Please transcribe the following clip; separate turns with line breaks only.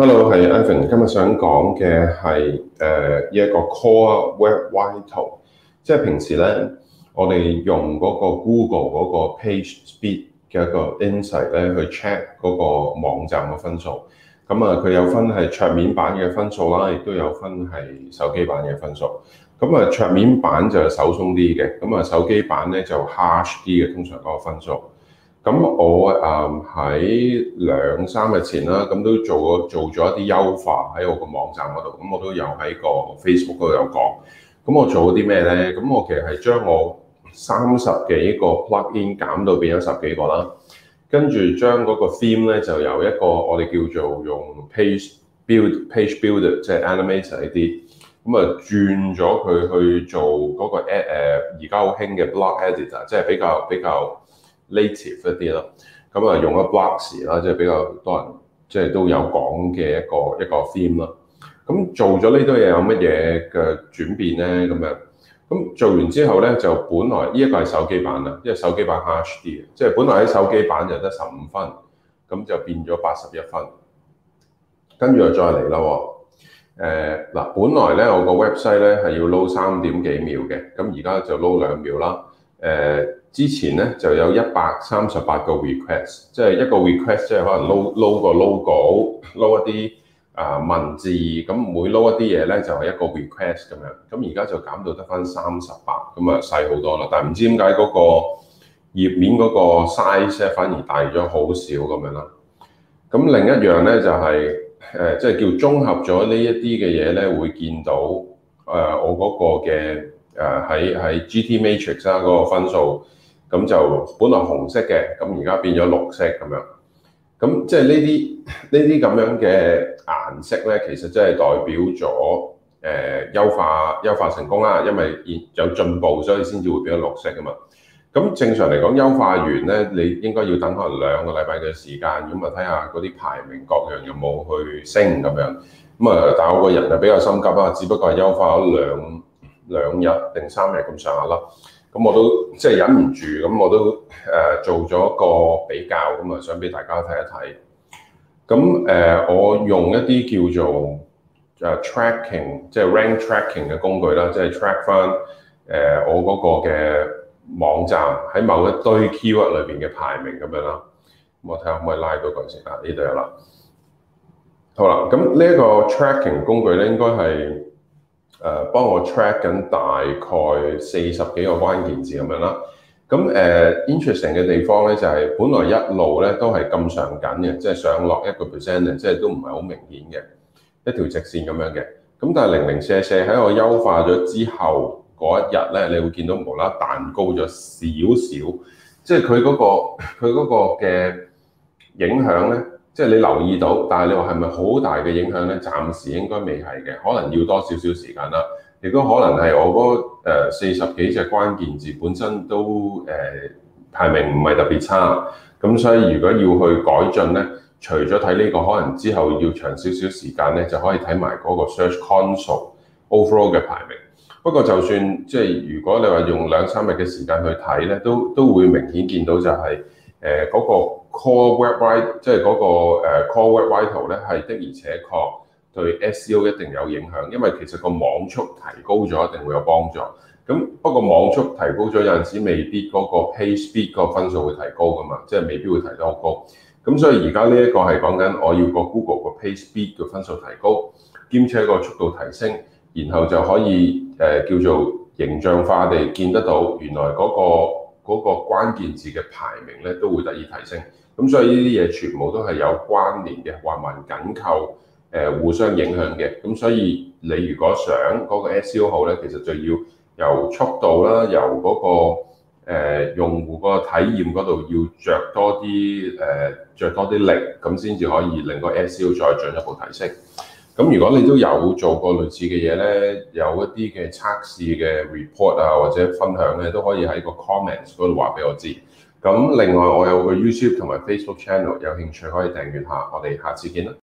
Hello，係 Evan。今日想講嘅係誒一個 Core Web Vital 即係平時咧，我哋用嗰個 Google 嗰個 Page Speed 嘅一個 Insight 咧去 check 嗰個網站嘅分數。咁、嗯、啊，佢有分係桌面版嘅分數啦，亦都有分係手機版嘅分數。咁、嗯、啊，桌面版就係手鬆啲嘅，咁、嗯、啊手機版咧就 hard 啲嘅，通常嗰個分數。咁我誒喺兩三日前啦，咁都做咗做咗一啲優化喺我個網站嗰度，咁我都有喺個 Facebook 嗰度有講。咁我做咗啲咩咧？咁我其實係將我三十幾個 plugin 減到變咗十幾個啦，跟住將嗰個 theme 咧就由一個我哋叫做用 page build page builder 即係 Animator 呢啲，咁啊轉咗佢去做嗰個誒而家好興嘅 block editor，即係比較比較，比較 native 一啲啦，咁啊用咗 blocks 啦，即係比較多人即係、就是、都有講嘅一個一個 theme 啦。咁做咗呢堆嘢有乜嘢嘅轉變咧？咁樣咁做完之後咧，就本來呢一、這個係手機版啦，因為手機版 hard 啲嘅，即、就、係、是、本來喺手機版就得十五分，咁就變咗八十一分。跟住又再嚟啦，誒、呃、嗱，本來咧我個 website 咧係要 load 三點幾秒嘅，咁而家就 load 兩秒啦。誒、呃、之前咧就有一百三十八個 request，即係一個 request 即係可能撈撈個 logo、撈一啲啊文字，咁每撈一啲嘢咧就係、是、一個 request 咁樣。咁而家就減到得返三十八，咁啊細好多啦。但係唔知點解嗰個頁面嗰個 size 反而大咗好少咁樣啦。咁另一樣咧就係、是、誒、呃，即係叫綜合咗呢一啲嘅嘢咧，會見到誒、呃、我嗰個嘅。誒喺，喺 GT Matrix 啊嗰個分數，咁就本來紅色嘅，咁而家變咗綠色咁樣，咁即係呢啲呢啲咁樣嘅顏色呢，其實即係代表咗誒、呃、優化優化成功啦，因為有進步，所以先至會變咗綠色啊嘛。咁正常嚟講，優化完呢，你應該要等開兩個禮拜嘅時間，咁啊睇下嗰啲排名各樣有冇去升咁樣，咁啊，但我個人啊比較心急啊，只不過係優化咗兩兩日定三日咁上下啦，咁我都即係忍唔住，咁我都誒做咗個比較，咁啊想俾大家睇一睇。咁誒、呃，我用一啲叫做誒、啊、tracking，即係 rank tracking 嘅工具啦，即係 track 翻誒、呃、我嗰個嘅網站喺某一堆 keyword 裏邊嘅排名咁樣啦。我睇下可唔可以拉到個先啊？呢度有啦。好啦，咁呢一個 tracking 工具咧，應該係。誒幫我 track 緊大概四十幾個關鍵字咁樣啦，咁誒 interesting 嘅地方咧就係，本來一路咧都係咁上緊嘅，即係上落一個 percent 咧，即係都唔係好明顯嘅一條直線咁樣嘅，咁但係零零舍舍喺我優化咗之後嗰一日咧，你會見到無啦，彈高咗少少，即係佢嗰個佢嗰個嘅影響咧。即係你留意到，但係你話係咪好大嘅影響咧？暫時應該未係嘅，可能要多少少時間啦。亦都可能係我嗰四十幾隻關鍵字本身都誒、呃、排名唔係特別差，咁所以如果要去改進咧，除咗睇呢個，可能之後要長少少時間咧，就可以睇埋嗰個 Search Console Overall 嘅排名。不過就算即係、就是、如果你話用兩三日嘅時間去睇咧，都都會明顯見到就係、是。誒嗰、呃那個 Core Web Vitals，即係嗰個 Core Web Vitals 圖咧，係的而且確對 SEO 一定有影響，因為其實個網速提高咗一定會有幫助。咁不過網速提高咗有陣時未必嗰個 Page Speed 個分數會提高㗎嘛，即係未必會提高好高。咁所以而家呢一個係講緊我要個 Google 個 Page Speed 嘅分數提高，兼且個速度提升，然後就可以誒、呃、叫做形象化地見得到原來嗰、那個。嗰個關鍵字嘅排名咧都會得以提升，咁所以呢啲嘢全部都係有關聯嘅，環環緊扣，誒、呃、互相影響嘅，咁所以你如果想嗰個 SEO 好咧，其實就要由速度啦，由嗰、嗰個、呃、用戶個體驗嗰度要着多啲誒著多啲、呃、力，咁先至可以令個 SEO 再進一步提升。咁如果你都有做過類似嘅嘢呢，有一啲嘅測試嘅 report 啊，或者分享呢，都可以喺個 comments 嗰度話俾我知。咁另外我有個 YouTube 同埋 Facebook channel，有興趣可以訂閱下。我哋下次見啦。